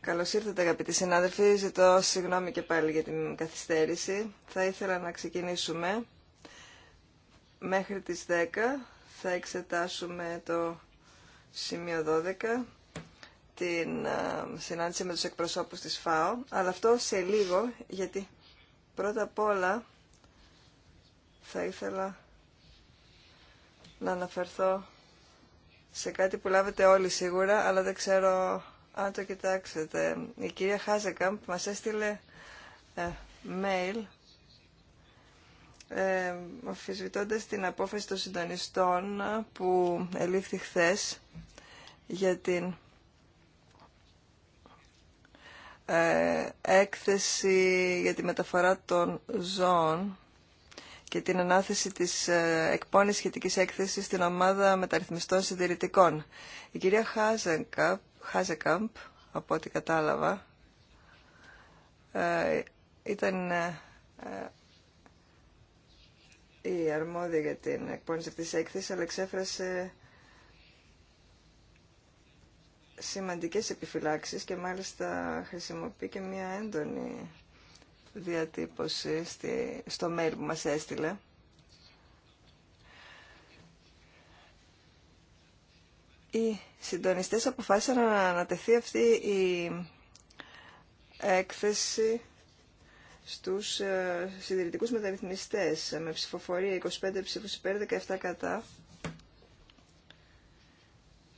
Καλώς ήρθατε αγαπητοί συνάδελφοι. Ζητώ συγγνώμη και πάλι για την καθυστέρηση. Θα ήθελα να ξεκινήσουμε. Μέχρι τις 10 θα εξετάσουμε το σημείο 12 την συνάντηση με τους εκπροσώπους της ΦΑΟ, αλλά αυτό σε λίγο, γιατί πρώτα απ' όλα θα ήθελα να αναφερθώ σε κάτι που λάβετε όλοι σίγουρα, αλλά δεν ξέρω αν το κοιτάξετε. Η κυρία Χάζεκαμπ μας έστειλε ε, mail ε, την απόφαση των συντονιστών που ελήφθη χθε για την ε, έκθεση για τη μεταφορά των ζώων και την ανάθεση της ε, εκπόνησης σχετικής έκθεσης στην ομάδα μεταρρυθμιστών συντηρητικών. Η κυρία Χάζεκαμπ, από ό,τι κατάλαβα, ε, ήταν ε, η αρμόδια για την εκπόνηση αυτής της έκθεσης, αλλά εξέφρασε σημαντικές επιφυλάξεις και μάλιστα χρησιμοποιεί και μια έντονη διατύπωση στη, στο mail που μας έστειλε. Οι συντονιστές αποφάσισαν να ανατεθεί αυτή η έκθεση στους ε, συντηρητικούς μεταρρυθμιστές με ψηφοφορία 25 ψήφους υπέρ 17 κατά.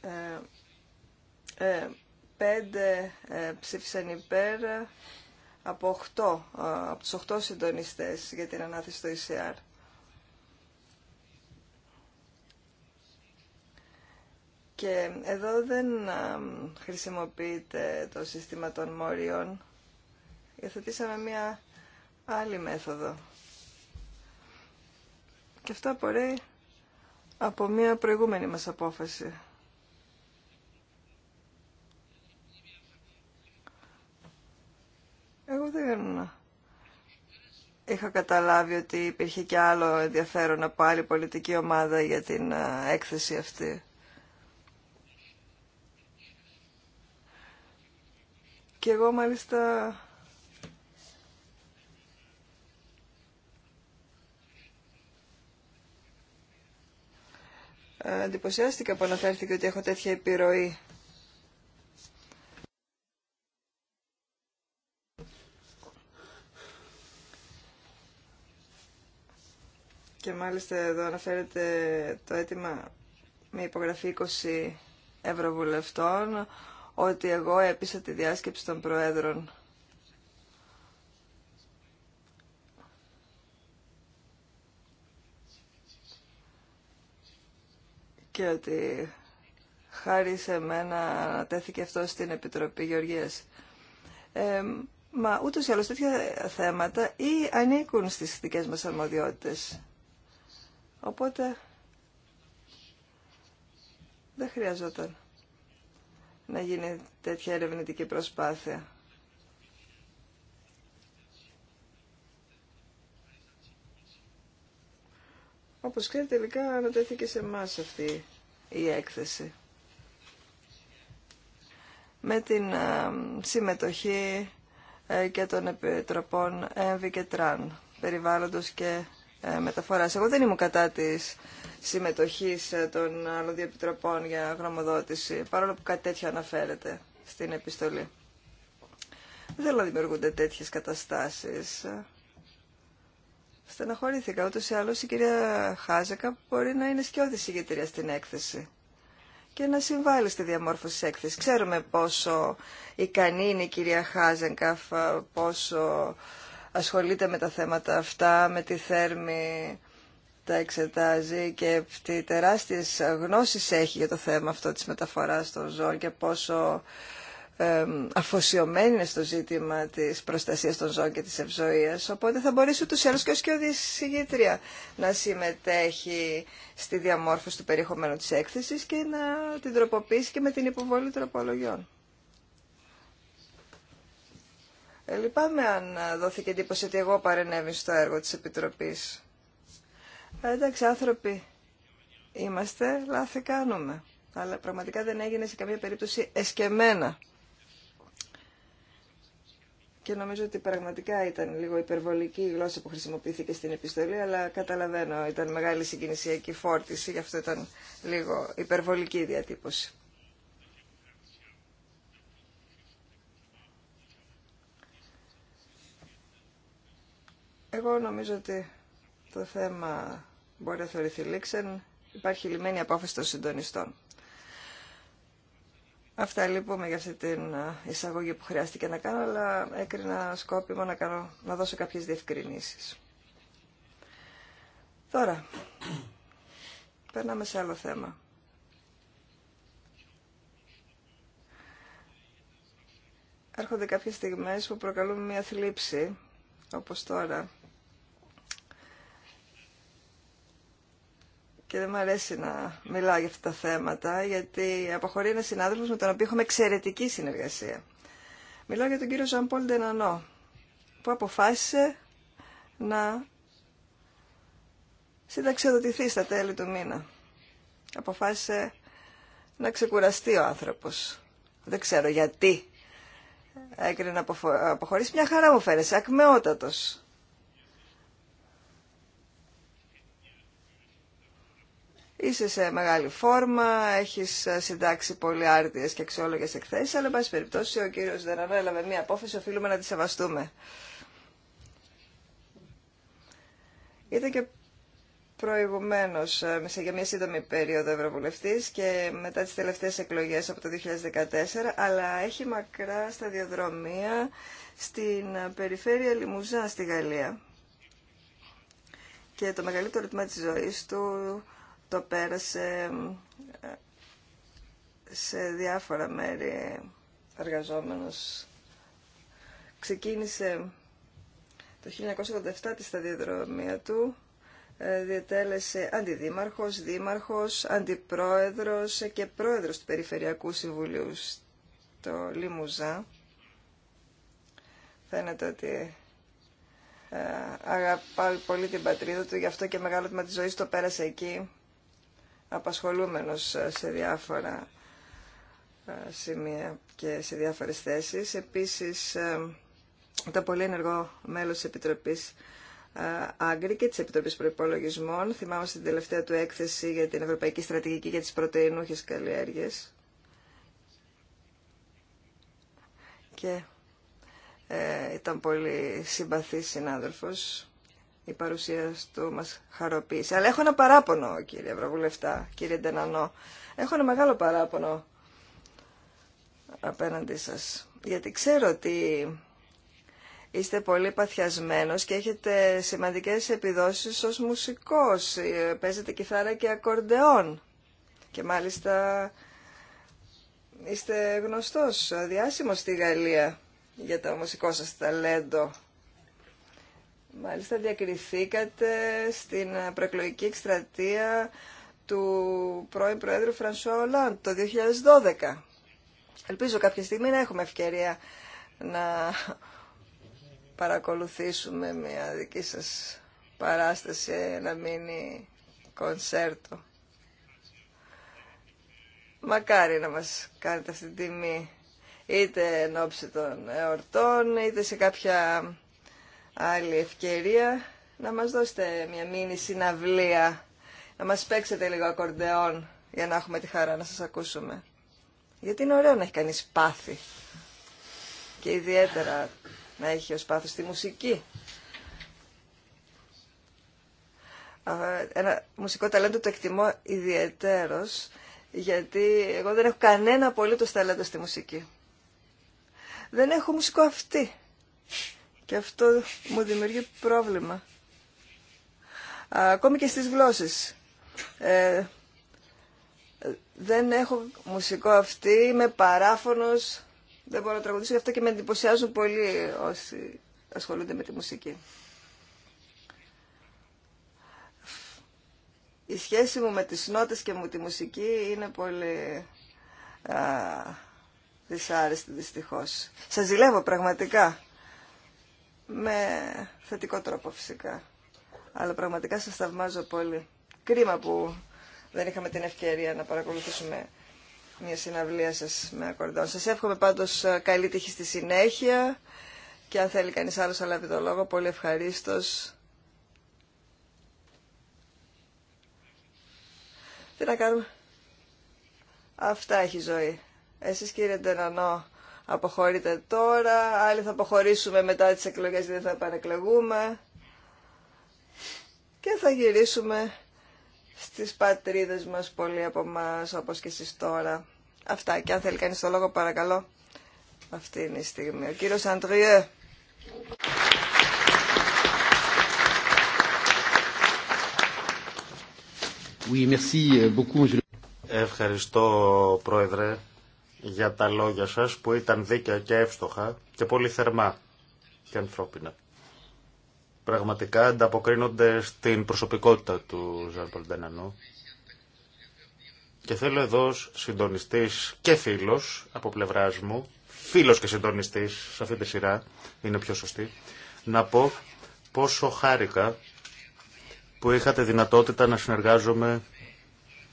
Ε, ε, πέντε ε, ψήφισαν υπέρ, από 8, ε, από τους 8 συντονιστές για την ανάθεση στο ECR. Και εδώ δεν ε, χρησιμοποιείται το σύστημα των μόριων. Υιοθετήσαμε μία άλλη μέθοδο. Και αυτό απορρέει από μία προηγούμενη μας απόφαση. Εγώ δεν είχα καταλάβει ότι υπήρχε και άλλο ενδιαφέρον από άλλη πολιτική ομάδα για την έκθεση αυτή. Και εγώ μάλιστα ε, εντυπωσιάστηκα που αναφέρθηκε ότι έχω τέτοια επιρροή και μάλιστα εδώ αναφέρεται το αίτημα με υπογραφή 20 ευρωβουλευτών ότι εγώ έπεισα τη διάσκεψη των Προέδρων. Και ότι χάρη σε μένα τέθηκε αυτό στην Επιτροπή Γεωργίας. Ε, μα ούτως ή άλλως τέτοια θέματα ή ανήκουν στις δικές μας αρμοδιότητες. Οπότε δεν χρειαζόταν να γίνει τέτοια ερευνητική προσπάθεια. Όπως ξέρετε, τελικά ανατέθηκε σε εμά αυτή η έκθεση. Με την συμμετοχή ε, και των επιτροπών ΕΜΒΙ και ΤΡΑΝ, περιβάλλοντος και ε, μεταφοράς. Εγώ δεν ήμουν κατά της συμμετοχής ε, των άλλων για γνωμοδότηση, παρόλο που κάτι τέτοιο αναφέρεται στην επιστολή. Δεν θέλω να δημιουργούνται τέτοιες καταστάσεις. Στεναχωρήθηκα. Ούτως ή άλλως η κυρία Χάζεκα μπορεί να είναι σκιώδη ηγετήρια στην έκθεση και να συμβάλλει στη διαμόρφωση της έκθεσης. Ξέρουμε πόσο ικανή είναι η κυρία Χάζενκαφ, πόσο ασχολείται με τα θέματα αυτά, με τη θέρμη τα εξετάζει και τι τεράστιες γνώσεις έχει για το θέμα αυτό της μεταφοράς των ζώων και πόσο αφοσιωμένη είναι στο ζήτημα της προστασίας των ζώων και της ευζοίας οπότε θα μπορέσει ούτως ή άλλως και ως και να συμμετέχει στη διαμόρφωση του περιεχομένου της έκθεσης και να την τροποποιήσει και με την υποβολή τροπολογιών. Ε, λυπάμαι αν ε, δόθηκε εντύπωση ότι εγώ παρενέβη στο έργο της Επιτροπής. Ε, εντάξει, άνθρωποι είμαστε, λάθη κάνουμε. Αλλά πραγματικά δεν έγινε σε καμία περίπτωση εσκεμένα. Και νομίζω ότι πραγματικά ήταν λίγο υπερβολική η γλώσσα που χρησιμοποιήθηκε στην επιστολή, αλλά καταλαβαίνω, ήταν μεγάλη συγκινησιακή φόρτιση, γι' αυτό ήταν λίγο υπερβολική η διατύπωση. εγώ νομίζω ότι το θέμα μπορεί να θεωρηθεί λήξεν. Υπάρχει λιμένη απόφαση των συντονιστών. Αυτά λείπουμε για αυτή την εισαγωγή που χρειάστηκε να κάνω, αλλά έκρινα σκόπιμο να, κάνω, να δώσω κάποιες διευκρινήσεις. Τώρα, περνάμε σε άλλο θέμα. Έρχονται κάποιες στιγμές που προκαλούν μια θλίψη, όπως τώρα, και δεν μου αρέσει να μιλάω για αυτά τα θέματα, γιατί αποχωρεί ένα συνάδελφο με τον οποίο έχουμε εξαιρετική συνεργασία. Μιλάω για τον κύριο Ζαμπόλ Ντενανό, που αποφάσισε να συνταξιοδοτηθεί στα τέλη του μήνα. Αποφάσισε να ξεκουραστεί ο άνθρωπος. Δεν ξέρω γιατί έκρινε να αποχωρήσει. Μια χαρά μου φέρεσε, ακμεότατος. είσαι σε μεγάλη φόρμα, έχεις συντάξει πολύ άρτιες και αξιόλογες εκθέσεις, αλλά, εν πάση περιπτώσει, ο κύριος δεν έλαβε μία απόφαση, οφείλουμε να τη σεβαστούμε. Ήταν και προηγουμένω ε, για μια σύντομη περίοδο Ευρωβουλευτή και μετά τι τελευταίε εκλογέ από το 2014, αλλά έχει μακρά σταδιοδρομία στην ε, περιφέρεια Λιμουζά στη Γαλλία. Και το μεγαλύτερο ρυθμό της ζωής του το πέρασε ε, σε διάφορα μέρη εργαζόμενος. Ξεκίνησε το 1987 τη σταδιοδρομία του, ε, διετέλεσε αντιδήμαρχος, δήμαρχος, αντιπρόεδρος και πρόεδρος του Περιφερειακού Συμβουλίου στο Λιμουζά. Φαίνεται ότι ε, αγαπάει πολύ την πατρίδα του, γι' αυτό και μεγάλο τμήμα της ζωής το πέρασε εκεί απασχολούμενος ε, σε διάφορα ε, σημεία και σε διάφορες θέσεις. Επίσης, ήταν ε, πολύ ενεργό μέλος της Επιτροπής Άγκρη και της Επιτροπής Προϋπολογισμών. Θυμάμαι την τελευταία του έκθεση για την Ευρωπαϊκή Στρατηγική για τις Πρωτεϊνούχες Καλλιέργειες. Και ήταν πολύ συμπαθής συνάδελφος η παρουσία του μας χαροποίησε. Αλλά έχω ένα παράπονο, κύριε Ευρωβουλευτά, κύριε Ντενανό. Έχω ένα μεγάλο παράπονο απέναντι σας. Γιατί ξέρω ότι είστε πολύ παθιασμένος και έχετε σημαντικές επιδόσεις ως μουσικός. Παίζετε κιθάρα και ακορντεόν. Και μάλιστα είστε γνωστός, διάσημος στη Γαλλία για το μουσικό σας ταλέντο Μάλιστα διακριθήκατε στην προεκλογική εκστρατεία του πρώην Προέδρου Φρανσουά Ολάντ το 2012. Ελπίζω κάποια στιγμή να έχουμε ευκαιρία να παρακολουθήσουμε μια δική σας παράσταση, ενα μείνει κονσέρτο. Μακάρι να μας κάνετε αυτή την τιμή, είτε εν ώψη των εορτών, είτε σε κάποια άλλη ευκαιρία να μας δώσετε μια μήνυ συναυλία, να μας παίξετε λίγο ακορντεόν για να έχουμε τη χαρά να σας ακούσουμε. Γιατί είναι ωραίο να έχει κανείς πάθη και ιδιαίτερα να έχει ως πάθος τη μουσική. Ένα μουσικό ταλέντο το εκτιμώ ιδιαίτερος γιατί εγώ δεν έχω κανένα απολύτως ταλέντο στη μουσική. Δεν έχω μουσικό αυτή. Και αυτό μου δημιουργεί πρόβλημα. Ακόμη και στις γλώσσες. Ε, δεν έχω μουσικό αυτή, είμαι παράφωνος, δεν μπορώ να τραγουδήσω, γι' αυτό και με εντυπωσιάζουν πολύ όσοι ασχολούνται με τη μουσική. Η σχέση μου με τις νότες και μου τη μουσική είναι πολύ α, δυσάρεστη δυστυχώς. Σας ζηλεύω πραγματικά. Με θετικό τρόπο φυσικά. Αλλά πραγματικά σας θαυμάζω πολύ. Κρίμα που δεν είχαμε την ευκαιρία να παρακολουθήσουμε μια συναυλία σας με ακορδόν Σας εύχομαι πάντως ε, καλή τύχη στη συνέχεια και αν θέλει κανείς άλλος να λάβει το λόγο, πολύ ευχαρίστως. Τι να κάνουμε. Αυτά έχει ζωή. Εσείς κύριε Ντενανό, αποχωρείτε τώρα, άλλοι θα αποχωρήσουμε μετά τις εκλογές δεν θα επανεκλεγούμε και θα γυρίσουμε στις πατρίδες μας πολύ από εμά όπως και εσείς τώρα. Αυτά και αν θέλει κανείς το λόγο παρακαλώ. Αυτή είναι η στιγμή. Ο κύριος Αντριέ. Ευχαριστώ πρόεδρε για τα λόγια σας που ήταν δίκαια και εύστοχα και πολύ θερμά και ανθρώπινα. Πραγματικά ανταποκρίνονται στην προσωπικότητα του Ζαν Και θέλω εδώ συντονιστής και φίλος από πλευράς μου, φίλος και συντονιστής σε αυτή τη σειρά, είναι πιο σωστή, να πω πόσο χάρηκα που είχατε δυνατότητα να συνεργάζομαι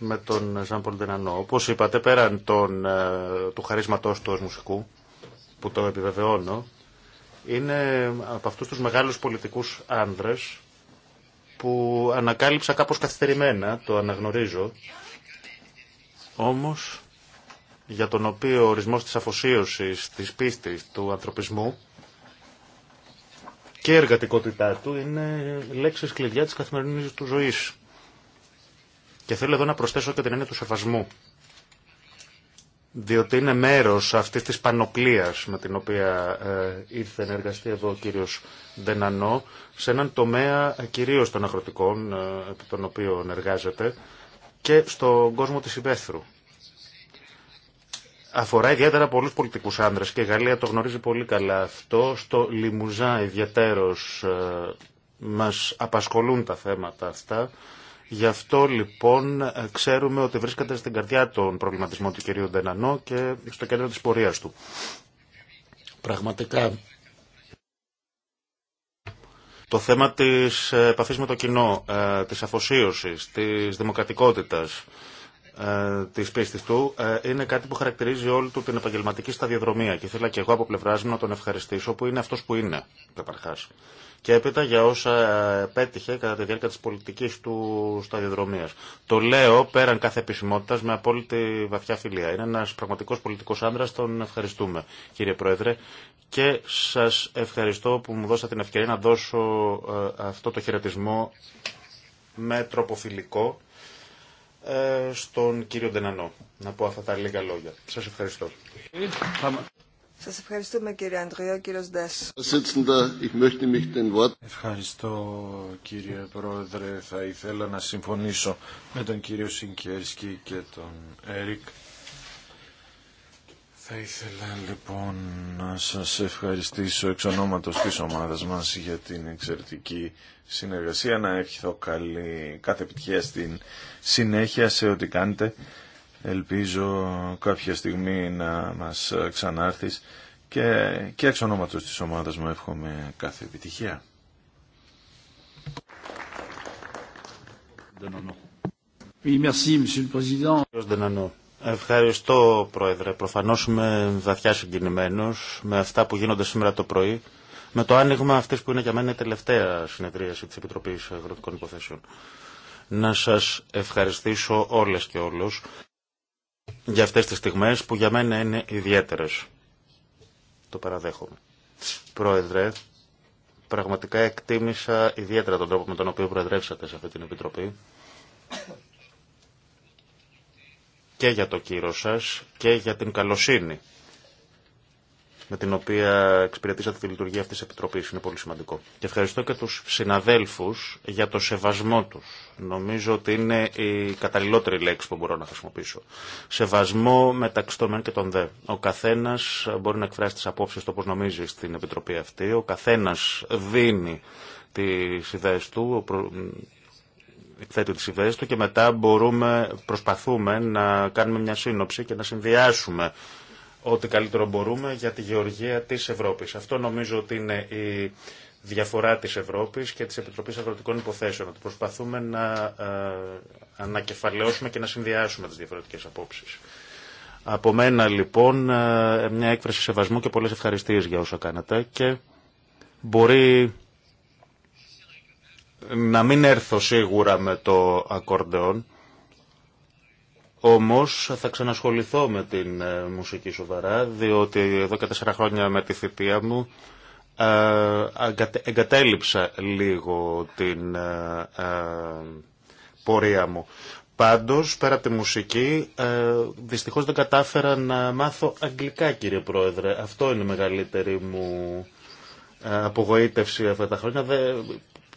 με τον Ζαν Πολντενανό. όπω είπατε, πέραν τον, ε, του χαρίσματός του ως μουσικού, που το επιβεβαιώνω, είναι από αυτούς τους μεγάλους πολιτικούς άνδρες που ανακάλυψα κάπως καθυστερημένα, το αναγνωρίζω, όμως για τον οποίο ο ορισμός της αφοσίωσης, της πίστης, του ανθρωπισμού και εργατικότητά του είναι λέξεις κλειδιά της καθημερινής του ζωής. Και θέλω εδώ να προσθέσω και την έννοια του σεβασμού. Διότι είναι μέρος αυτής της πανοπλίας με την οποία ε, ήρθε να εργαστεί εδώ ο κύριος Δενανό σε έναν τομέα ε, κυρίω των αγροτικών, ε, τον οποίο εργάζεται, και στον κόσμο της υπαίθρου. Αφορά ιδιαίτερα πολλούς πολιτικούς άντρε και η Γαλλία το γνωρίζει πολύ καλά αυτό. Στο Λιμουζά ε, μας απασχολούν τα θέματα αυτά Γι' αυτό λοιπόν ξέρουμε ότι βρίσκεται στην καρδιά των προβληματισμών του κυρίου Ντενανό και στο κέντρο της πορείας του. Πραγματικά το θέμα της επαφής με το κοινό, ε, της αφοσίωσης, της δημοκρατικότητας, ε, της πίστης του, ε, είναι κάτι που χαρακτηρίζει όλη του την επαγγελματική σταδιοδρομία και ήθελα και εγώ από πλευράς μου να τον ευχαριστήσω που είναι αυτός που είναι, καταρχάς και έπειτα για όσα ε, πέτυχε κατά τη διάρκεια της πολιτικής του σταδιοδρομία. Το λέω πέραν κάθε επισημότητας με απόλυτη βαθιά φιλία. Είναι ένας πραγματικός πολιτικός άντρα, τον ευχαριστούμε κύριε Πρόεδρε και σας ευχαριστώ που μου δώσατε την ευκαιρία να δώσω ε, αυτό το χαιρετισμό με τροποφιλικό ε, στον κύριο Ντενανό. Να πω αυτά τα λίγα λόγια. Σας ευχαριστώ. Σας ευχαριστούμε κύριε Αντριώ, κύριος Ντάς. Ευχαριστώ κύριε Πρόεδρε. Θα ήθελα να συμφωνήσω με τον κύριο Σινκέρσκι και τον Έρικ. Θα ήθελα λοιπόν να σας ευχαριστήσω εξ ονόματος της ομάδας μας για την εξαιρετική συνεργασία. Να ευχηθώ καλή κάθε επιτυχία στην συνέχεια σε ό,τι κάνετε Ελπίζω κάποια στιγμή να μας ξανάρθεις και, και εξ ονόματος της ομάδας μου εύχομαι κάθε επιτυχία. Ευχαριστώ, Πρόεδρε. Προφανώς είμαι βαθιά συγκινημένος με αυτά που γίνονται σήμερα το πρωί, με το άνοιγμα αυτής που είναι για μένα η τελευταία συνεδρίαση της Επιτροπής Αγροτικών Υποθέσεων. Να σας ευχαριστήσω όλες και όλους για αυτές τις στιγμές που για μένα είναι ιδιαίτερες. Το παραδέχομαι. Πρόεδρε, πραγματικά εκτίμησα ιδιαίτερα τον τρόπο με τον οποίο προεδρεύσατε σε αυτή την Επιτροπή και για το κύρος σας και για την καλοσύνη με την οποία εξυπηρετήσατε τη λειτουργία αυτή τη επιτροπή Είναι πολύ σημαντικό. Και ευχαριστώ και του συναδέλφου για το σεβασμό του. Νομίζω ότι είναι η καταλληλότερη λέξη που μπορώ να χρησιμοποιήσω. Σεβασμό μεταξύ των μεν και των δε. Ο καθένα μπορεί να εκφράσει τι απόψει του όπως νομίζει στην Επιτροπή αυτή. Ο καθένα δίνει τι ιδέε του, εκθέτει τι ιδέε του και μετά μπορούμε, προσπαθούμε να κάνουμε μια σύνοψη και να συνδυάσουμε ό,τι καλύτερο μπορούμε για τη γεωργία της Ευρώπης. Αυτό νομίζω ότι είναι η διαφορά της Ευρώπης και της Επιτροπής Αγροτικών Υποθέσεων. Ότι προσπαθούμε να ε, ανακεφαλαιώσουμε και να συνδυάσουμε τις διαφορετικές απόψεις. Από μένα λοιπόν ε, μια έκφραση σεβασμού και πολλές ευχαριστίες για όσα κάνατε και μπορεί να μην έρθω σίγουρα με το ακορντεόν όμως θα ξανασχοληθώ με την ε, μουσική σοβαρά, διότι εδώ και τέσσερα χρόνια με τη θητεία μου ε, εγκατέλειψα λίγο την ε, πορεία μου. Πάντως, πέρα από τη μουσική, δυστυχώς δεν κατάφερα να μάθω αγγλικά, κύριε Πρόεδρε. Αυτό είναι η μεγαλύτερη μου απογοήτευση αυτά τα χρόνια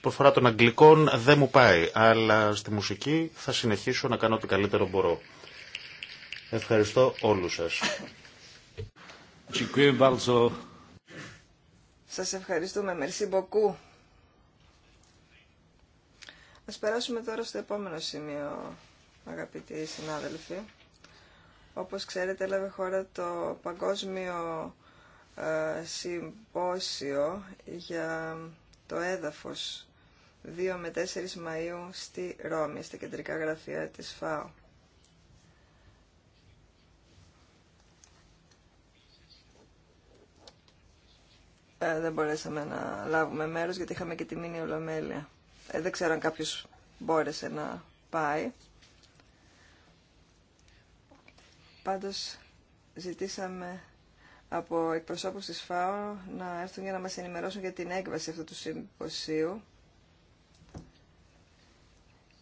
προφορά των αγγλικών δεν μου πάει, αλλά στη μουσική θα συνεχίσω να κάνω ό,τι καλύτερο μπορώ. Ευχαριστώ όλους σας. Σας ευχαριστούμε. Merci μποκού. Ας περάσουμε τώρα στο επόμενο σημείο, αγαπητοί συνάδελφοι. Όπως ξέρετε, έλαβε χώρα το Παγκόσμιο ε, Συμπόσιο για το έδαφος 2 με 4 Μαΐου στη Ρώμη, στα κεντρικά γραφεία της ΦΑΟ. Ε, δεν μπορέσαμε να λάβουμε μέρος γιατί είχαμε και τη μήνυ ολομέλεια. Ε, δεν ξέρω αν κάποιος μπόρεσε να πάει. Πάντως ζητήσαμε από εκπροσώπους της ΦΑΟ να έρθουν για να μας ενημερώσουν για την έκβαση αυτού του συμποσίου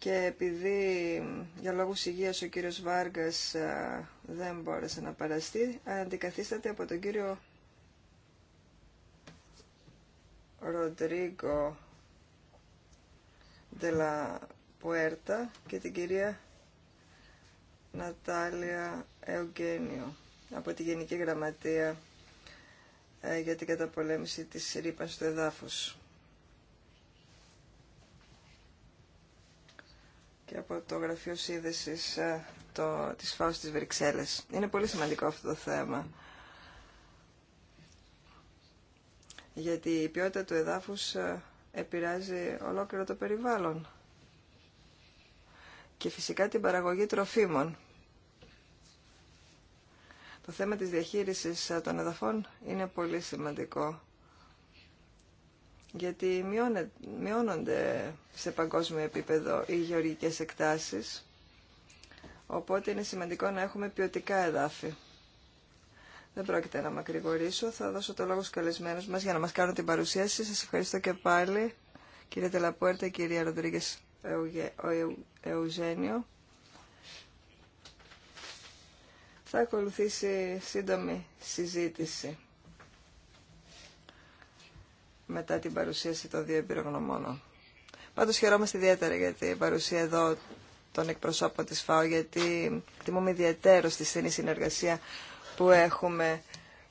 και επειδή για λόγους υγείας ο κύριος Βάργας δεν μπόρεσε να παραστεί, αντικαθίσταται από τον κύριο Ροντρίγκο Ντελα Πουέρτα και την κυρία Νατάλια Ευγένιο από τη Γενική Γραμματεία ε, για την καταπολέμηση της ρήπανσης του εδάφους. και από το Γραφείο Σύνδεσης ε, το, της ΦΑΟ της Βρυξέλλες. Είναι πολύ σημαντικό αυτό το θέμα. Γιατί η ποιότητα του εδάφους ε, επηρεάζει ολόκληρο το περιβάλλον. Και φυσικά την παραγωγή τροφίμων. Το θέμα της διαχείρισης ε, των εδαφών είναι πολύ σημαντικό γιατί μειώνονται σε παγκόσμιο επίπεδο οι γεωργικές εκτάσεις, οπότε είναι σημαντικό να έχουμε ποιοτικά εδάφη. Δεν πρόκειται να μακρηγορήσω, θα δώσω το λόγο στους καλεσμένους μας για να μας κάνουν την παρουσίαση. Σας ευχαριστώ και πάλι, κύριε Τελαπουέρτα, κυρία Ροντρίγκες Εουζένιο. Θα ακολουθήσει σύντομη συζήτηση μετά την παρουσίαση των δύο εμπειρογνωμόνων. Πάντως χαιρόμαστε ιδιαίτερα για την παρουσία εδώ των εκπροσώπων της ΦΑΟ, γιατί τιμούμε ιδιαίτερο στη στενή συνεργασία που έχουμε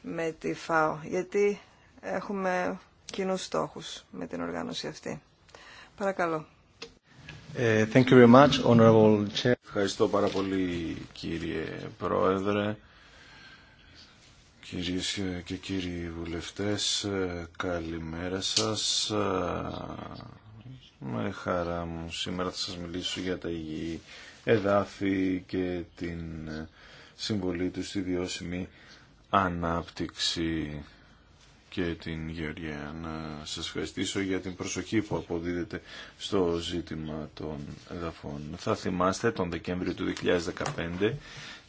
με τη ΦΑΟ, γιατί έχουμε κοινού στόχους με την οργάνωση αυτή. Παρακαλώ. Ε, thank you very much, Honorable Chair. Ευχαριστώ πάρα πολύ κύριε Πρόεδρε. Κυρίες και κύριοι βουλευτές, καλημέρα σας. Με χαρά μου σήμερα θα σας μιλήσω για τα υγιή εδάφη και την συμβολή του στη βιώσιμη ανάπτυξη και την Γεωργία. Να σας ευχαριστήσω για την προσοχή που αποδίδεται στο ζήτημα των εδαφών. Θα θυμάστε τον Δεκέμβριο του 2015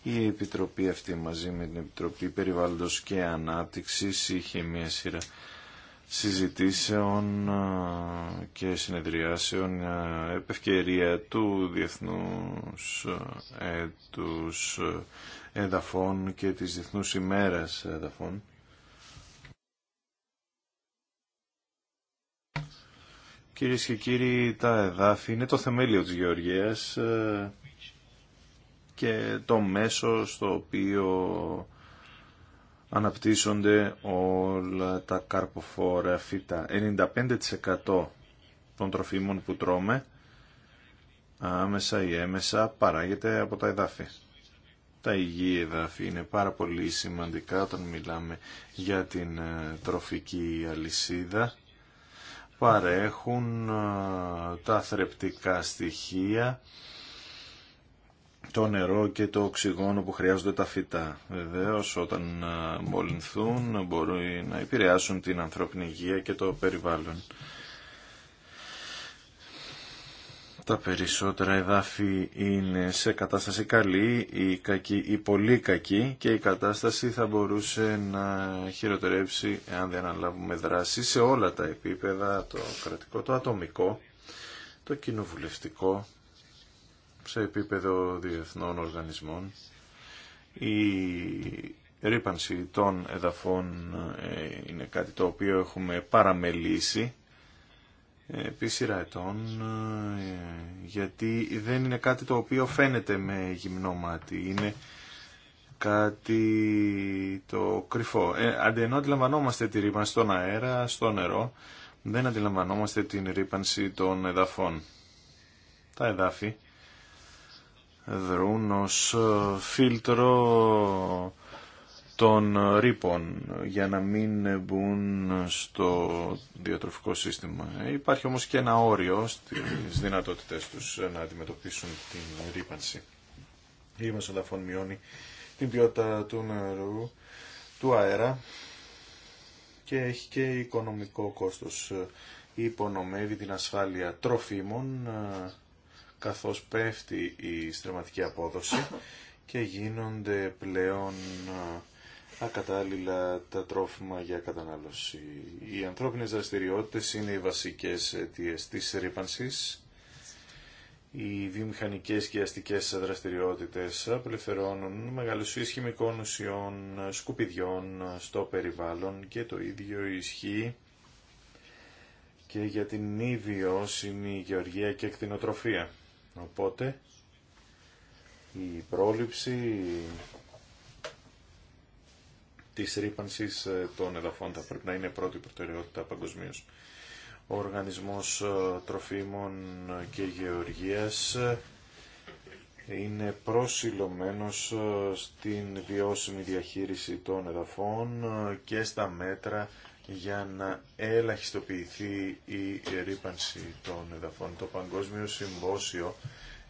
η Επιτροπή αυτή μαζί με την Επιτροπή Περιβάλλοντος και Ανάπτυξης είχε μια σειρά συζητήσεων και συνεδριάσεων επευκαιρία του Διεθνούς Έτους Εδαφών και της Διεθνούς ημέρας Εδαφών. Κυρίε και κύριοι, τα εδάφη είναι το θεμέλιο της Γεωργίας και το μέσο στο οποίο αναπτύσσονται όλα τα καρποφόρα φύτα. 95% των τροφίμων που τρώμε άμεσα ή έμεσα παράγεται από τα εδάφη. Τα υγιή εδάφη είναι πάρα πολύ σημαντικά όταν μιλάμε για την ε, τροφική αλυσίδα. Παρέχουν ε, τα θρεπτικά στοιχεία το νερό και το οξυγόνο που χρειάζονται τα φυτά. Βεβαίως όταν ε, μολυνθούν μπορούν να επηρεάσουν την ανθρώπινη υγεία και το περιβάλλον. Τα περισσότερα εδάφη είναι σε κατάσταση καλή ή, κακή, ή πολύ κακή και η κατάσταση θα μπορούσε να χειροτερέψει αν δεν αναλάβουμε δράση σε όλα τα επίπεδα, το κρατικό, το ατομικό, το κοινοβουλευτικό, σε επίπεδο διεθνών οργανισμών. Η ρήπανση των εδαφών ε, είναι κάτι το οποίο έχουμε παραμελήσει ε, επί σειρά ετών, ε, γιατί δεν είναι κάτι το οποίο φαίνεται με γυμνό μάτι. Είναι κάτι το κρυφό. Ε, αντιλαμβανόμαστε τη ρήπανση στον αέρα, στο νερό, δεν αντιλαμβανόμαστε την ρήπανση των εδαφών. Τα εδάφη δρούν ως ε, φίλτρο των ρήπων για να μην μπουν στο διατροφικό σύστημα. Υπάρχει όμως και ένα όριο στις δυνατότητες τους ε, να αντιμετωπίσουν την ρήπανση. Η σοδαφών μειώνει την ποιότητα του νερού, του αέρα και έχει και οικονομικό κόστος. Ε, υπονομεύει την ασφάλεια τροφίμων, καθώς πέφτει η στρεματική απόδοση και γίνονται πλέον ακατάλληλα τα τρόφιμα για κατανάλωση. Οι ανθρώπινες δραστηριότητες είναι οι βασικές αιτίες της ρήπανσης. Οι βιομηχανικές και αστικές δραστηριότητες απελευθερώνουν μεγάλους χημικών ουσιών, σκουπιδιών στο περιβάλλον και το ίδιο ισχύει και για την ίδια γεωργία και εκτινοτροφία. Οπότε η πρόληψη της ρήπανση ε, των εδαφών θα πρέπει να είναι πρώτη προτεραιότητα παγκοσμίω. Ο Οργανισμός ε, Τροφίμων και Γεωργίας ε, είναι προσιλωμένος στην βιώσιμη διαχείριση των εδαφών και στα μέτρα για να ελαχιστοποιηθεί η ρήπανση των εδαφών. Το Παγκόσμιο Συμπόσιο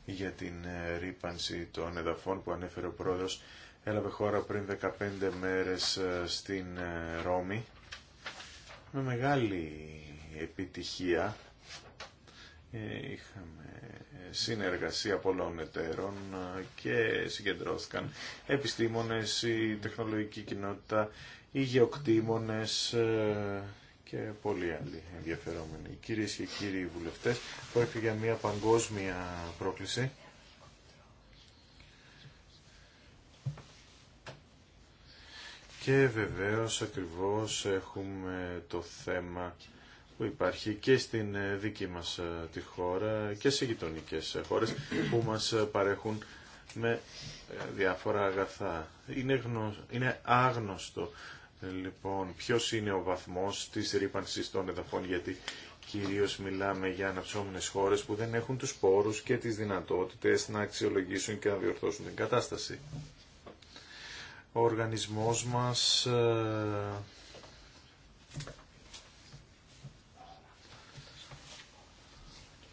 για την ε, ρήπανση των εδαφών που ανέφερε ο πρόεδρος έλαβε χώρα πριν 15 μέρες ε, στην ε, Ρώμη με μεγάλη επιτυχία. Είχαμε συνεργασία πολλών εταίρων και συγκεντρώθηκαν επιστήμονες, η τεχνολογική κοινότητα, οι γεωκτήμονες ε, και πολλοί άλλοι ενδιαφερόμενοι. Κυρίε και κύριοι βουλευτές, πρόκειται για μια παγκόσμια πρόκληση. Και βεβαίως ακριβώς έχουμε το θέμα που υπάρχει και στην ε, δική μας ε, τη χώρα και σε γειτονικέ χώρες που μας παρέχουν με διάφορα αγαθά. Είναι, γνω... είναι άγνωστο Λοιπόν, ποιο είναι ο βαθμό τη ρήπανση των εδαφών, γιατί κυρίως μιλάμε για αναψώμενες χώρες που δεν έχουν τους πόρους και τι δυνατότητε να αξιολογήσουν και να διορθώσουν την κατάσταση. Ο οργανισμός μας ε,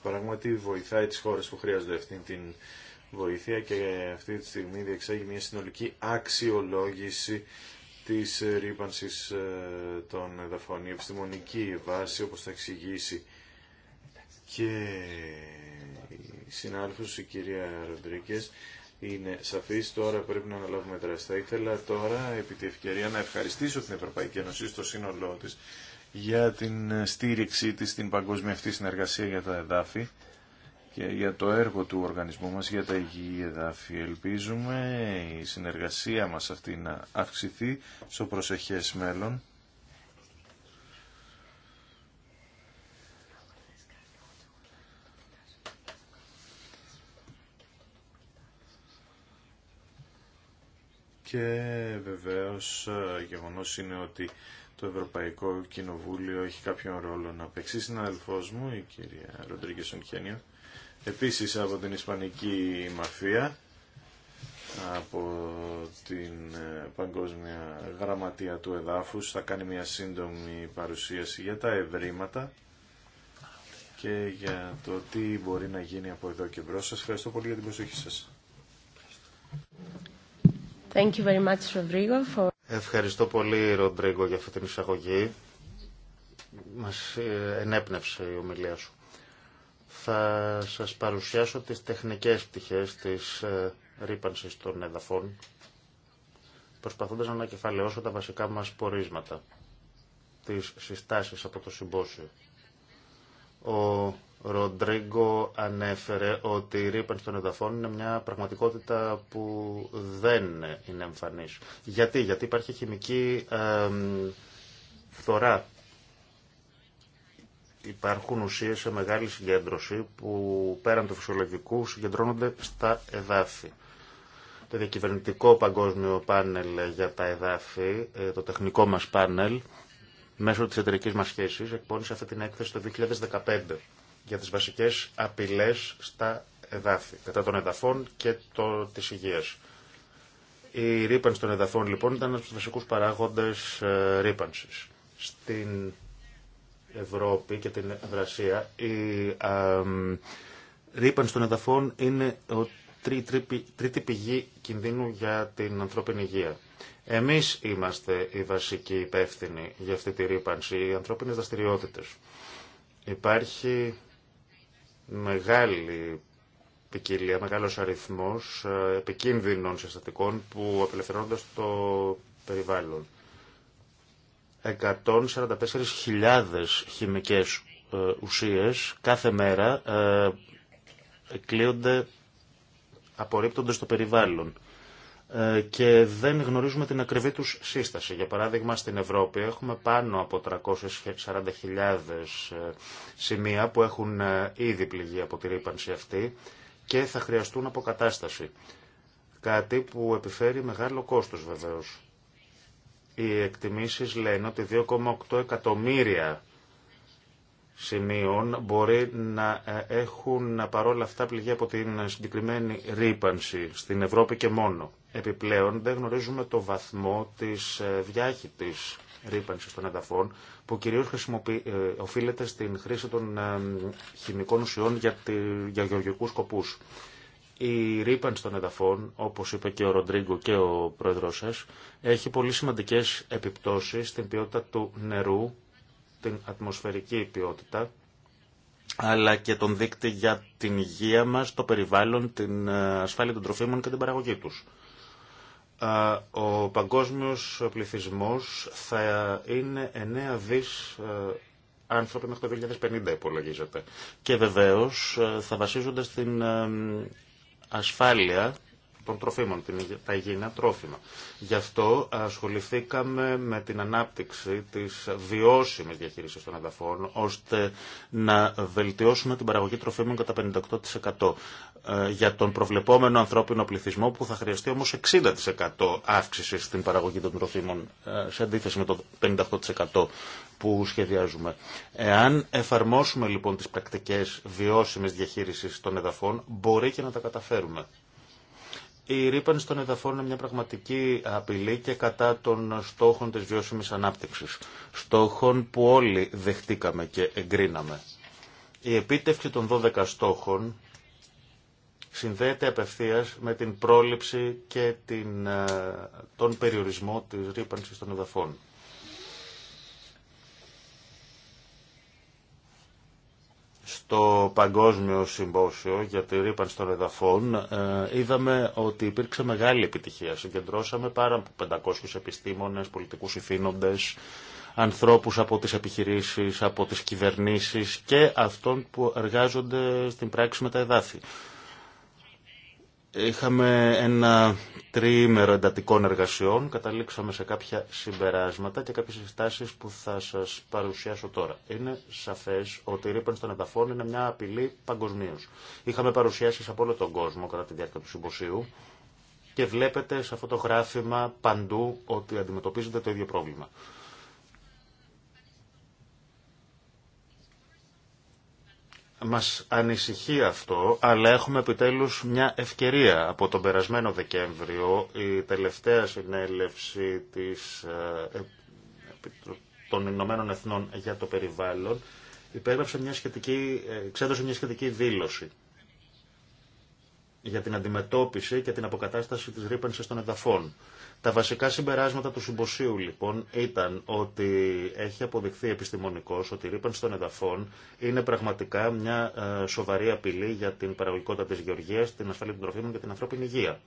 πράγματι βοηθάει τις χώρες που χρειάζονται αυτήν την βοήθεια και αυτή τη στιγμή διεξάγει μια συνολική αξιολόγηση της ε, ρήπανσης ε, των εδαφών. Η επιστημονική βάση, όπως θα εξηγήσει και η συνάδελφος, η κυρία Ροντρίκες, είναι σαφής. Τώρα πρέπει να αναλάβουμε δράση. Θα ήθελα τώρα, επί τη ευκαιρία, να ευχαριστήσω την Ευρωπαϊκή Ένωση στο σύνολό της για την στήριξή της στην παγκόσμια αυτή συνεργασία για τα εδάφη για το έργο του οργανισμού μας για τα υγιή εδάφη. Ελπίζουμε η συνεργασία μας αυτή να αυξηθεί στο προσεχές μέλλον. Και βεβαίως ε, γεγονός είναι ότι το Ευρωπαϊκό Κοινοβούλιο έχει κάποιον ρόλο να παίξει. Συναδελφός μου, η κυρία Ροντρίγκε Σονχένιο, επίσης από την Ισπανική Μαφία, από την ε, Παγκόσμια Γραμματεία του Εδάφους, θα κάνει μια σύντομη παρουσίαση για τα ευρήματα και για το τι μπορεί να γίνει από εδώ και μπρος. Σας ευχαριστώ πολύ για την προσοχή σας. Thank you very much, Rodrigo, for... Ευχαριστώ πολύ, Ροντρίγκο, για αυτή την εισαγωγή. Μας ε, ενέπνευσε η ομιλία σου. Θα σας παρουσιάσω τις τεχνικές πτυχές της ε, ρήπανσης των εδαφών, προσπαθώντας να ανακεφαλαιώσω τα βασικά μας πορίσματα, της συστάσεις από το συμπόσιο. Ο Ροντρίγκο ανέφερε ότι η ρήπανση των εδαφών είναι μια πραγματικότητα που δεν είναι εμφανής. Γιατί, γιατί υπάρχει χημική φθορά. Υπάρχουν ουσίες σε μεγάλη συγκέντρωση που πέραν του φυσιολογικού συγκεντρώνονται στα εδάφη. Το διακυβερνητικό παγκόσμιο πάνελ για τα εδάφη, ε, το τεχνικό μας πάνελ, μέσω της εταιρικής μας σχέσης, εκπώνησε αυτή την έκθεση το 2015 για τις βασικές απειλές στα εδάφη, κατά των εδαφών και το, της υγείας. Η ρήπανση των εδαφών λοιπόν ήταν ένας από τους βασικούς παράγοντες ε, ρήπανσης. Στην Ευρώπη και την Ευρασία η ε, ρήπανση των εδαφών είναι ο τρί, τρίτη πηγή κινδύνου για την ανθρώπινη υγεία. Εμείς είμαστε οι βασικοί υπεύθυνοι για αυτή τη ρήπανση, οι ανθρώπινες δραστηριότητε. Υπάρχει μεγάλη ποικιλία, μεγάλος αριθμός ε, επικίνδυνων συστατικών που απελευθερώνονται στο περιβάλλον. 144.000 χημικές ε, ουσίες κάθε μέρα ε, εκλείονται, απορρίπτονται στο περιβάλλον. Ε, και δεν γνωρίζουμε την ακριβή τους σύσταση. Για παράδειγμα, στην Ευρώπη έχουμε πάνω από 340.000 ε, σημεία που έχουν ε, ήδη πληγεί από τη ρήπανση αυτή και θα χρειαστούν αποκατάσταση. Κάτι που επιφέρει μεγάλο κόστος βεβαίως. Οι εκτιμήσεις λένε ότι 2,8 εκατομμύρια σημείων μπορεί να έχουν παρόλα αυτά πληγεί από την συγκεκριμένη ρήπανση στην Ευρώπη και μόνο. Επιπλέον δεν γνωρίζουμε το βαθμό της ε, διάχυτης ρήπανσης των εδαφών που κυρίως ε, οφείλεται στην χρήση των ε, χημικών ουσιών για, για γεωργικούς σκοπούς. Η ρήπανση των εδαφών, όπως είπε και ο Ροντρίγκο και ο πρόεδρός σας, έχει πολύ σημαντικές επιπτώσεις στην ποιότητα του νερού, την ατμοσφαιρική ποιότητα, αλλά και τον δείκτη για την υγεία μας, το περιβάλλον, την ασφάλεια των τροφίμων και την παραγωγή τους ο παγκόσμιος πληθυσμός θα είναι 9 δις ε, άνθρωποι μέχρι το 2050 υπολογίζεται. Και βεβαίως ε, θα βασίζονται στην ε, ασφάλεια των τροφίμων, τα υγιεινά τρόφιμα. Γι' αυτό ασχοληθήκαμε με την ανάπτυξη της βιώσιμης διαχείρισης των εδαφών, ώστε να βελτιώσουμε την παραγωγή τροφίμων κατά 58% ε, για τον προβλεπόμενο ανθρώπινο πληθυσμό που θα χρειαστεί όμως 60% αύξηση στην παραγωγή των τροφίμων ε, σε αντίθεση με το 58% που σχεδιάζουμε. Εάν εφαρμόσουμε λοιπόν τις πρακτικές βιώσιμες διαχείρισης των εδαφών μπορεί και να τα καταφέρουμε. Η ρήπανση των εδαφών είναι μια πραγματική απειλή και κατά των στόχων της βιώσιμης ανάπτυξης. Στόχων που όλοι δεχτήκαμε και εγκρίναμε. Η επίτευξη των 12 στόχων συνδέεται απευθείας με την πρόληψη και την, ε, τον περιορισμό της ρήπανσης των εδαφών. Το Παγκόσμιο Συμπόσιο για τη ρήπανση των εδαφών ε, είδαμε ότι υπήρξε μεγάλη επιτυχία. Συγκεντρώσαμε πάρα από 500 επιστήμονες, πολιτικούς υφήνοντες, ανθρώπους από τις επιχειρήσεις, από τις κυβερνήσεις και αυτών που εργάζονται στην πράξη με τα εδάφη. Είχαμε ένα τριήμερο εντατικών εργασιών, καταλήξαμε σε κάποια συμπεράσματα και κάποιες συστάσεις που θα σας παρουσιάσω τώρα. Είναι σαφές ότι η ρήπανση των εδαφών είναι μια απειλή παγκοσμίω. Είχαμε παρουσιάσεις από όλο τον κόσμο κατά τη διάρκεια του συμποσίου και βλέπετε σε αυτό το γράφημα παντού ότι αντιμετωπίζεται το ίδιο πρόβλημα. Μας ανησυχεί αυτό, αλλά έχουμε επιτέλους μια ευκαιρία. Από τον περασμένο Δεκέμβριο, η τελευταία συνέλευση της, ε, ε, των Ηνωμένων Εθνών για το Περιβάλλον υπέγραψε μια σχετική, ε, μια σχετική δήλωση για την αντιμετώπιση και την αποκατάσταση της ρήπανσης των εδαφών. Τα βασικά συμπεράσματα του συμποσίου λοιπόν ήταν ότι έχει αποδειχθεί επιστημονικός ότι η ρήπανση των εδαφών είναι πραγματικά μια ε, σοβαρή απειλή για την παραγωγικότητα της γεωργίας, την ασφάλεια των τροφίμων και την ανθρώπινη υγεία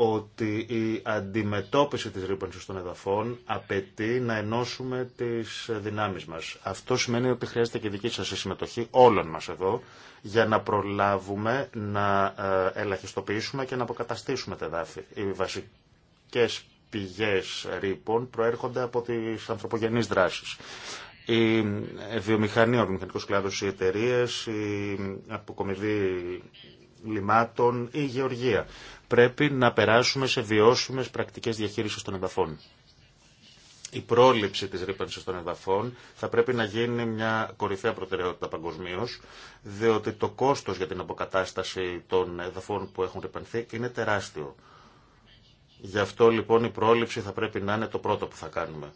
ότι η αντιμετώπιση της ρήπανσης των εδαφών απαιτεί να ενώσουμε τις δυνάμεις μας. Αυτό σημαίνει ότι χρειάζεται και δική σας συμμετοχή όλων μας εδώ για να προλάβουμε να ε, ελαχιστοποιήσουμε και να αποκαταστήσουμε τα εδάφη. Οι βασικές πηγές ρήπων προέρχονται από τις ανθρωπογενείς δράσεις. Η βιομηχανία, ο βιομηχανικός κλάδος, οι εταιρείε, η αποκομιδή λιμάτων ή γεωργία. Πρέπει να περάσουμε σε βιώσιμες πρακτικές διαχείρισης των εδαφών. Η πρόληψη της ρήπανσης των εδαφών θα πρέπει να γίνει μια κορυφαία προτεραιότητα παγκοσμίω, διότι το κόστος για την αποκατάσταση των εδαφών που έχουν ρηπανθεί είναι τεράστιο. Γι' αυτό λοιπόν η πρόληψη θα πρέπει να είναι το πρώτο που θα κάνουμε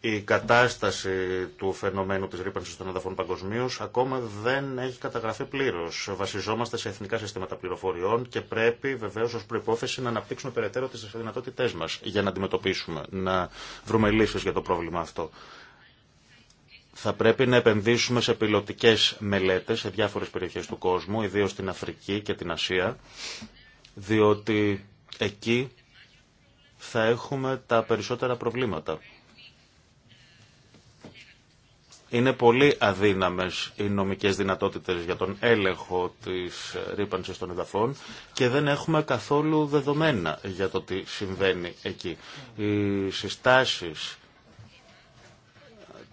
η κατάσταση του φαινομένου της ρήπανσης των εδαφών παγκοσμίω ακόμα δεν έχει καταγραφεί πλήρως. Βασιζόμαστε σε εθνικά συστήματα πληροφοριών και πρέπει βεβαίως ως προϋπόθεση να αναπτύξουμε περαιτέρω τις δυνατότητές μας για να αντιμετωπίσουμε, να βρούμε λύσεις για το πρόβλημα αυτό. Θα πρέπει να επενδύσουμε σε πιλωτικές μελέτες σε διάφορες περιοχές του κόσμου, ιδίως στην Αφρική και την Ασία, διότι εκεί θα έχουμε τα περισσότερα προβλήματα είναι πολύ αδύναμες οι νομικές δυνατότητες για τον έλεγχο της ρήπανσης των εδαφών και δεν έχουμε καθόλου δεδομένα για το τι συμβαίνει εκεί. Οι συστάσεις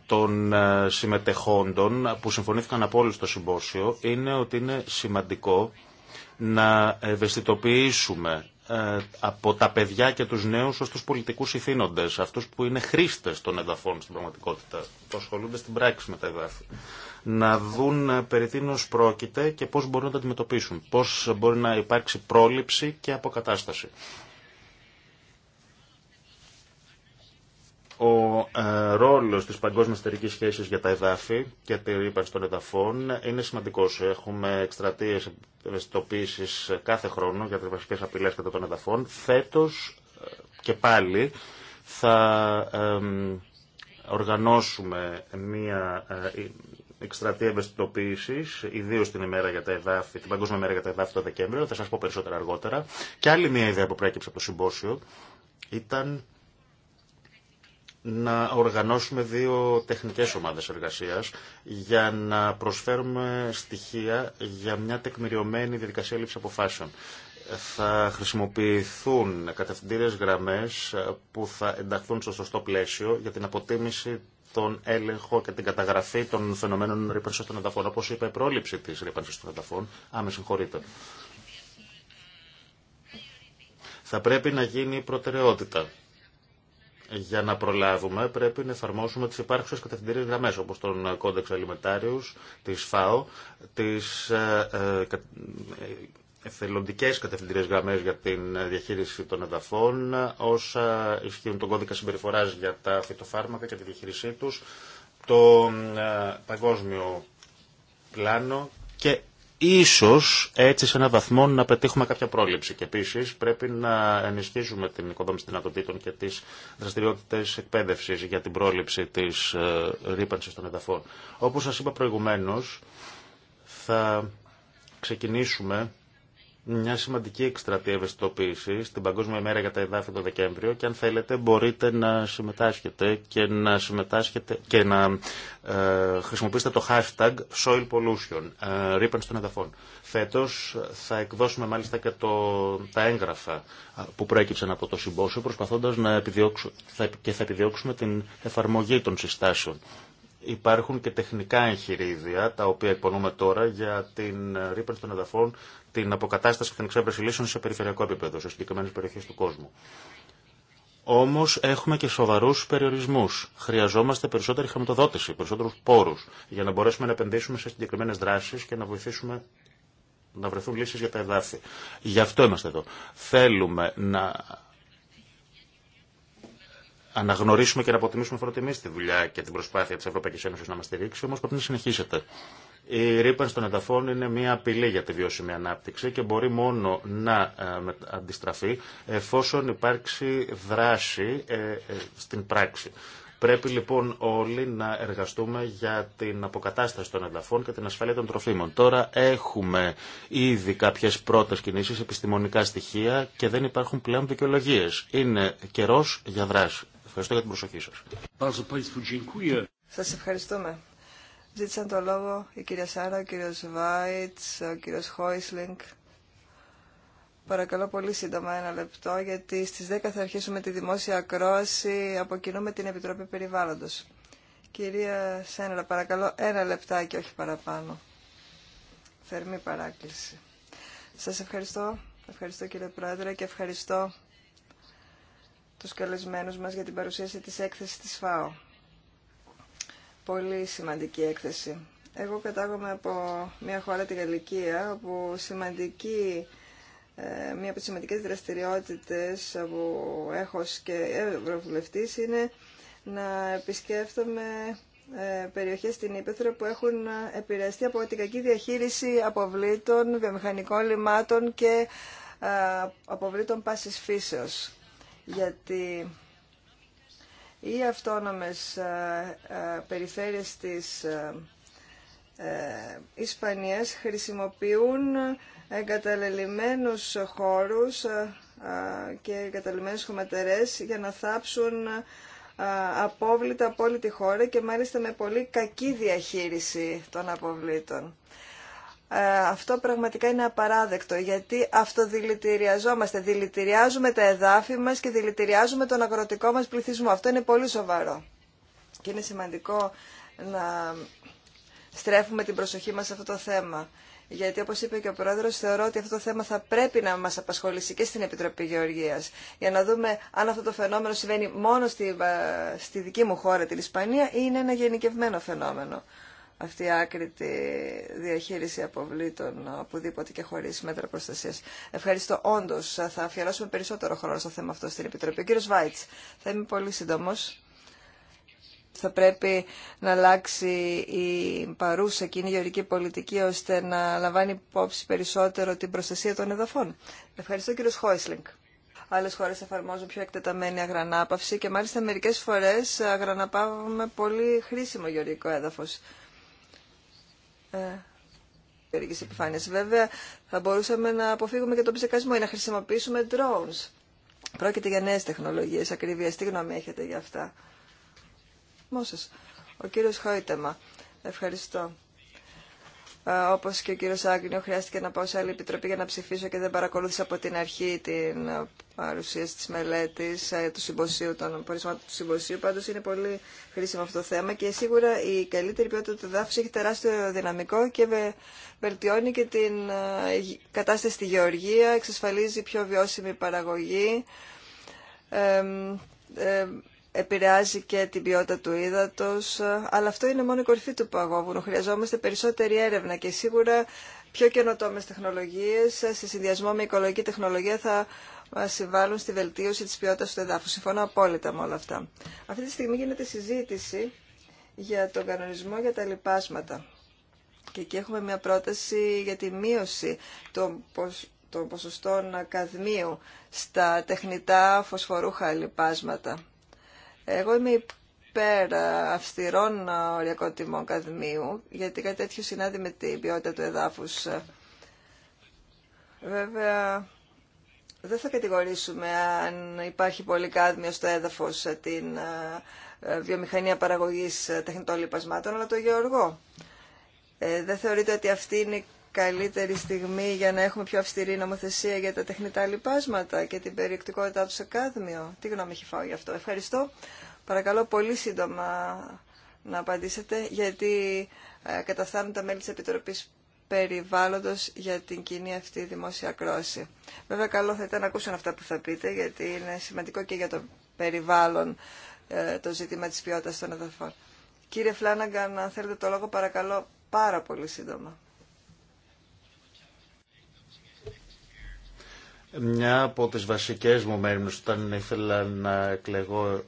των ε, συμμετεχόντων που συμφωνήθηκαν από όλους στο συμπόσιο είναι ότι είναι σημαντικό να ευαισθητοποιήσουμε ε, από τα παιδιά και τους νέους ως τους πολιτικούς ηθήνοντες, αυτούς που είναι χρήστες των εδαφών στην πραγματικότητα, που ασχολούνται στην πράξη με τα εδάφη, να δουν ε, περί τίνος πρόκειται και πώς μπορούν να τα αντιμετωπίσουν, πώς μπορεί να υπάρξει πρόληψη και αποκατάσταση. Ο ε, ρόλο τη παγκόσμια εταιρική σχέση για τα εδάφη και τη ρήπανση των εδαφών είναι σημαντικός. Έχουμε εκστρατείε ευαισθητοποίησης κάθε χρόνο για τις βασικέ απειλέ κατά των εδαφών. Φέτος ε, και πάλι θα οργανώσουμε μία ε, εκστρατεία ευαισθητοποίηση, ιδίω την, ημέρα για την Παγκόσμια Μέρα για τα Εδάφη το Δεκέμβριο. Θα σα πω περισσότερα αργότερα. Και άλλη μία ιδέα που προέκυψε από το συμπόσιο ήταν να οργανώσουμε δύο τεχνικές ομάδες εργασίας για να προσφέρουμε στοιχεία για μια τεκμηριωμένη διαδικασία λήψη αποφάσεων. Θα χρησιμοποιηθούν κατευθυντήριες γραμμές που θα ενταχθούν στο σωστό πλαίσιο για την αποτίμηση τον έλεγχο και την καταγραφή των φαινομένων ρήπανση των ανταφών. Όπω είπα, η πρόληψη τη ρήπανση των ανταφών. άμεση Θα πρέπει να γίνει προτεραιότητα για να προλάβουμε πρέπει να εφαρμόσουμε τις υπάρχουσες κατευθυντήριες γραμμές όπως τον κόντεξ ελιμετάριους, της ΦΑΟ, τις ε, ε, εθελοντικές κατευθυντήριες γραμμές για την διαχείριση των εδαφών, όσα ισχύουν τον κώδικα συμπεριφοράς για τα φυτοφάρμακα και τη διαχείρισή τους, το ε, παγκόσμιο πλάνο και Ίσως έτσι σε έναν βαθμό να πετύχουμε κάποια πρόληψη και επίση πρέπει να ενισχύσουμε την οικοδόμηση δυνατοτήτων και τι δραστηριότητε εκπαίδευση για την πρόληψη της ε, ρήπανση των εδαφών. Όπως σας είπα προηγουμένως θα ξεκινήσουμε μια σημαντική εκστρατεία ευαισθητοποίηση στην Παγκόσμια Μέρα για τα εδάφη το Δεκέμβριο και αν θέλετε μπορείτε να συμμετάσχετε και να, συμμετάσχετε και να ε, χρησιμοποιήσετε το hashtag Soil Pollution, ε, ρήπανση των εδαφών. Φέτος θα εκδώσουμε μάλιστα και το, τα έγγραφα ε, που προέκυψαν από το συμπόσιο προσπαθώντας να επιδιώξουμε και θα επιδιώξουμε την εφαρμογή των συστάσεων υπάρχουν και τεχνικά εγχειρίδια τα οποία εκπονούμε τώρα για την ε, ρήπανση των εδαφών την αποκατάσταση και την εξέβρεση λύσεων σε περιφερειακό επίπεδο, σε συγκεκριμένε περιοχέ του κόσμου. Όμω έχουμε και σοβαρού περιορισμού. Χρειαζόμαστε περισσότερη χρηματοδότηση, περισσότερου πόρου για να μπορέσουμε να επενδύσουμε σε συγκεκριμένε δράσει και να βοηθήσουμε να βρεθούν λύσει για τα εδάφη. Γι' αυτό είμαστε εδώ. Θέλουμε να αναγνωρίσουμε και να αποτιμήσουμε φοροτιμή τη δουλειά και την προσπάθεια τη Ευρωπαϊκή Ένωση να μα στηρίξει, όμω πρέπει να συνεχίσετε. Η ρήπανση των εδαφών είναι μια απειλή για τη βιώσιμη ανάπτυξη και μπορεί μόνο να ε, αντιστραφεί εφόσον υπάρξει δράση ε, ε, στην πράξη. Πρέπει λοιπόν όλοι να εργαστούμε για την αποκατάσταση των εδαφών και την ασφάλεια των τροφίμων. Τώρα έχουμε ήδη κάποιε πρώτε κινήσει, επιστημονικά στοιχεία και δεν υπάρχουν πλέον δικαιολογίε. Είναι καιρό για δράση. Ευχαριστώ για την προσοχή σα. Σας ευχαριστούμε. Ζήτησαν το λόγο η κυρία Σάρα, ο κύριος Βάιτς, ο κύριος Χόισλινγκ. Παρακαλώ πολύ σύντομα ένα λεπτό, γιατί στις 10 θα αρχίσουμε τη δημόσια ακρόαση από κοινού με την Επιτροπή Περιβάλλοντος. Κυρία Σένερα, παρακαλώ ένα λεπτάκι, όχι παραπάνω. Θερμή παράκληση. Σας ευχαριστώ. Ευχαριστώ κύριε Πρόεδρε και ευχαριστώ τους καλεσμένους μας για την παρουσίαση της έκθεσης της ΦΑΟ. Πολύ σημαντική έκθεση. Εγώ κατάγομαι από μια χώρα, τη Γαλλικία, όπου σημαντική, ε, μια από τις σημαντικές δραστηριότητες που έχω και ευρωβουλευτής είναι να επισκέφτομαι ε, περιοχές στην Ήπεθρο που έχουν επηρεαστεί από την κακή διαχείριση αποβλήτων, βιομηχανικών λιμάτων και ε, αποβλήτων πάσης φύσεως. Γιατί οι αυτόνομες ε, ε, περιφέρειες της ε, Ισπανίας χρησιμοποιούν εγκαταλελειμμένους χώρους και εγκαταλελειμμένους χωματερές για να θάψουν απόβλητα από όλη τη χώρα και μάλιστα με πολύ κακή διαχείριση των αποβλήτων. Ε, αυτό πραγματικά είναι απαράδεκτο γιατί αυτοδηλητηριαζόμαστε, δηλητηριάζουμε τα εδάφη μας και δηλητηριάζουμε τον αγροτικό μας πληθυσμό. Αυτό είναι πολύ σοβαρό και είναι σημαντικό να στρέφουμε την προσοχή μας σε αυτό το θέμα. Γιατί όπως είπε και ο Πρόεδρος, θεωρώ ότι αυτό το θέμα θα πρέπει να μας απασχολήσει και στην Επιτροπή Γεωργίας. Για να δούμε αν αυτό το φαινόμενο συμβαίνει μόνο στη, ε, στη δική μου χώρα, την Ισπανία, ή είναι ένα γενικευμένο φαινόμενο αυτή η άκρητη διαχείριση αποβλήτων οπουδήποτε και χωρί μέτρα προστασία. Ευχαριστώ. όντω. θα αφιερώσουμε περισσότερο χρόνο στο θέμα αυτό στην Επιτροπή. Ο κύριος Βάιτς, θα είμαι πολύ σύντομο. Θα πρέπει να αλλάξει η παρούσα κοινή γεωρική πολιτική ώστε να λαμβάνει υπόψη περισσότερο την προστασία των εδαφών. Ευχαριστώ κύριο Χόισλινγκ. Άλλε χώρε εφαρμόζουν πιο εκτεταμένη αγρανάπαυση και μάλιστα μερικέ φορέ αγραναπαύουμε πολύ χρήσιμο γεωργικό έδαφο περίεργες επιφάνειες. Βέβαια, θα μπορούσαμε να αποφύγουμε και τον ψεκασμό ή να χρησιμοποιήσουμε drones. Πρόκειται για νέες τεχνολογίες, ακριβίας. Τι γνώμη έχετε για αυτά. Μόσες, Ο κύριος Χόιτεμα. Ευχαριστώ. Ε, όπως και ο κύριο Άγγινιο χρειάστηκε να πάω σε άλλη επιτροπή για να ψηφίσω και δεν παρακολούθησα από την αρχή την ε, παρουσίαση της μελέτης ε, του συμποσίου, των πορισμάτων του συμποσίου. Πάντως είναι πολύ χρήσιμο αυτό το θέμα και σίγουρα η καλύτερη ποιότητα του δάφους έχει τεράστιο δυναμικό και βελτιώνει και την κατάσταση στη γεωργία, εξασφαλίζει πιο βιώσιμη παραγωγή επηρεάζει και την ποιότητα του ύδατος, αλλά αυτό είναι μόνο η κορυφή του παγόβουνου. Χρειαζόμαστε περισσότερη έρευνα και σίγουρα πιο καινοτόμε τεχνολογίε σε συνδυασμό με οικολογική τεχνολογία θα συμβάλλουν στη βελτίωση τη ποιότητα του εδάφου. Συμφωνώ απόλυτα με όλα αυτά. Αυτή τη στιγμή γίνεται συζήτηση για τον κανονισμό για τα λοιπάσματα. Και εκεί έχουμε μια πρόταση για τη μείωση των, των ποσοστών καδμίου στα τεχνητά φωσφορούχα λοιπάσματα. Εγώ είμαι υπέρ αυστηρών οριακών τιμών καδμίου, γιατί κάτι τέτοιο συνάδει με την ποιότητα του εδάφους. Βέβαια, δεν θα κατηγορήσουμε αν υπάρχει πολύ κάδμιο στο έδαφος ε, την ε, βιομηχανία παραγωγής τεχνητών λοιπασμάτων, αλλά το γεωργό. Ε, δεν θεωρείτε ότι αυτή είναι καλύτερη στιγμή για να έχουμε πιο αυστηρή νομοθεσία για τα τεχνητά λοιπάσματα και την περιεκτικότητά του σε κάδμιο. Τι γνώμη έχει φάω γι' αυτό. Ευχαριστώ. Παρακαλώ πολύ σύντομα να απαντήσετε γιατί ε, καταφθάνουν τα μέλη της Επιτροπής περιβάλλοντος για την κοινή αυτή δημόσια κρόση. Βέβαια καλό θα ήταν να ακούσουν αυτά που θα πείτε γιατί είναι σημαντικό και για το περιβάλλον ε, το ζήτημα της ποιότητας των εδαφών. Κύριε Φλάναγκα, αν θέλετε το λόγο παρακαλώ πάρα πολύ σύντομα. Μια από τις βασικές μου μέρες όταν ήθελα να εκλεγώ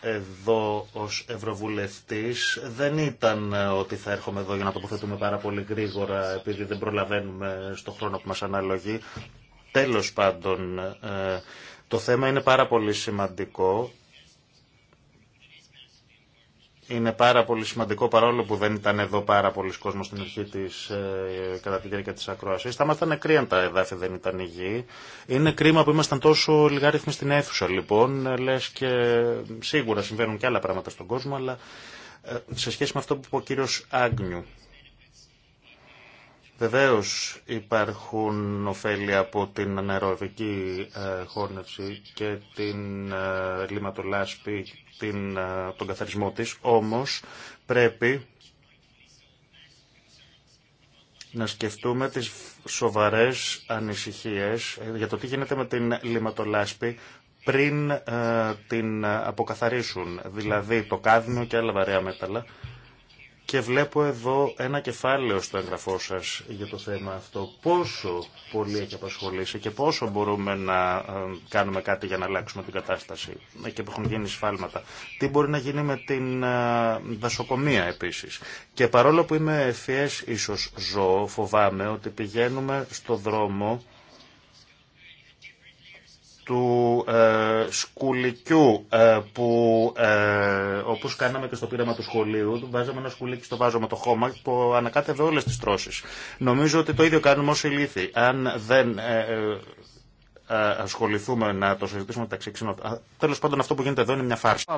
εδώ ως Ευρωβουλευτής δεν ήταν ότι θα έρχομαι εδώ για να τοποθετούμε πάρα πολύ γρήγορα επειδή δεν προλαβαίνουμε στο χρόνο που μας αναλογεί. Τέλος πάντων, ε, το θέμα είναι πάρα πολύ σημαντικό είναι πάρα πολύ σημαντικό παρόλο που δεν ήταν εδώ πάρα πολλοί κόσμος στην αρχή της, ε, κατά τη διάρκεια της ακρόασης. Θα ήμασταν κρύα τα εδάφη, δεν ήταν υγιή. Είναι κρίμα που ήμασταν τόσο λιγάριθμοι στην αίθουσα λοιπόν. Λες και σίγουρα συμβαίνουν και άλλα πράγματα στον κόσμο, αλλά ε, σε σχέση με αυτό που είπε ο κύριος Άγνιου Βεβαίως υπάρχουν ωφέλη από την αναεροβική ε, χόρνευση και την ε, λιματολάσπη, την, ε, τον καθαρισμό της, όμως πρέπει να σκεφτούμε τις σοβαρές ανησυχίες για το τι γίνεται με την λιματολάσπη πριν την αποκαθαρίσουν, δηλαδή το κάδμιο και άλλα βαρέα μέταλλα, και βλέπω εδώ ένα κεφάλαιο στο εγγραφό σας για το θέμα αυτό. Πόσο πολύ έχει απασχολήσει και πόσο μπορούμε να ε, κάνουμε κάτι για να αλλάξουμε την κατάσταση ε, και που έχουν γίνει σφάλματα. Τι μπορεί να γίνει με την ε, δασοκομεία επίσης. Και παρόλο που είμαι ευφυές ίσως ζω, φοβάμαι ότι πηγαίνουμε στο δρόμο του ε, σκουλικιού ε, που ε, όπως κάναμε και στο πείραμα του σχολείου βάζαμε ένα σκουλίκι στο βάζο με το χώμα που ανακάτευε όλες τις τρώσεις. Νομίζω ότι το ίδιο κάνουμε όσοι λύθοι. Αν δεν ε, ε, ε, ασχοληθούμε να το συζητήσουμε μεταξύ ξενοτών. Τέλος πάντων αυτό που γίνεται εδώ είναι μια φάρση.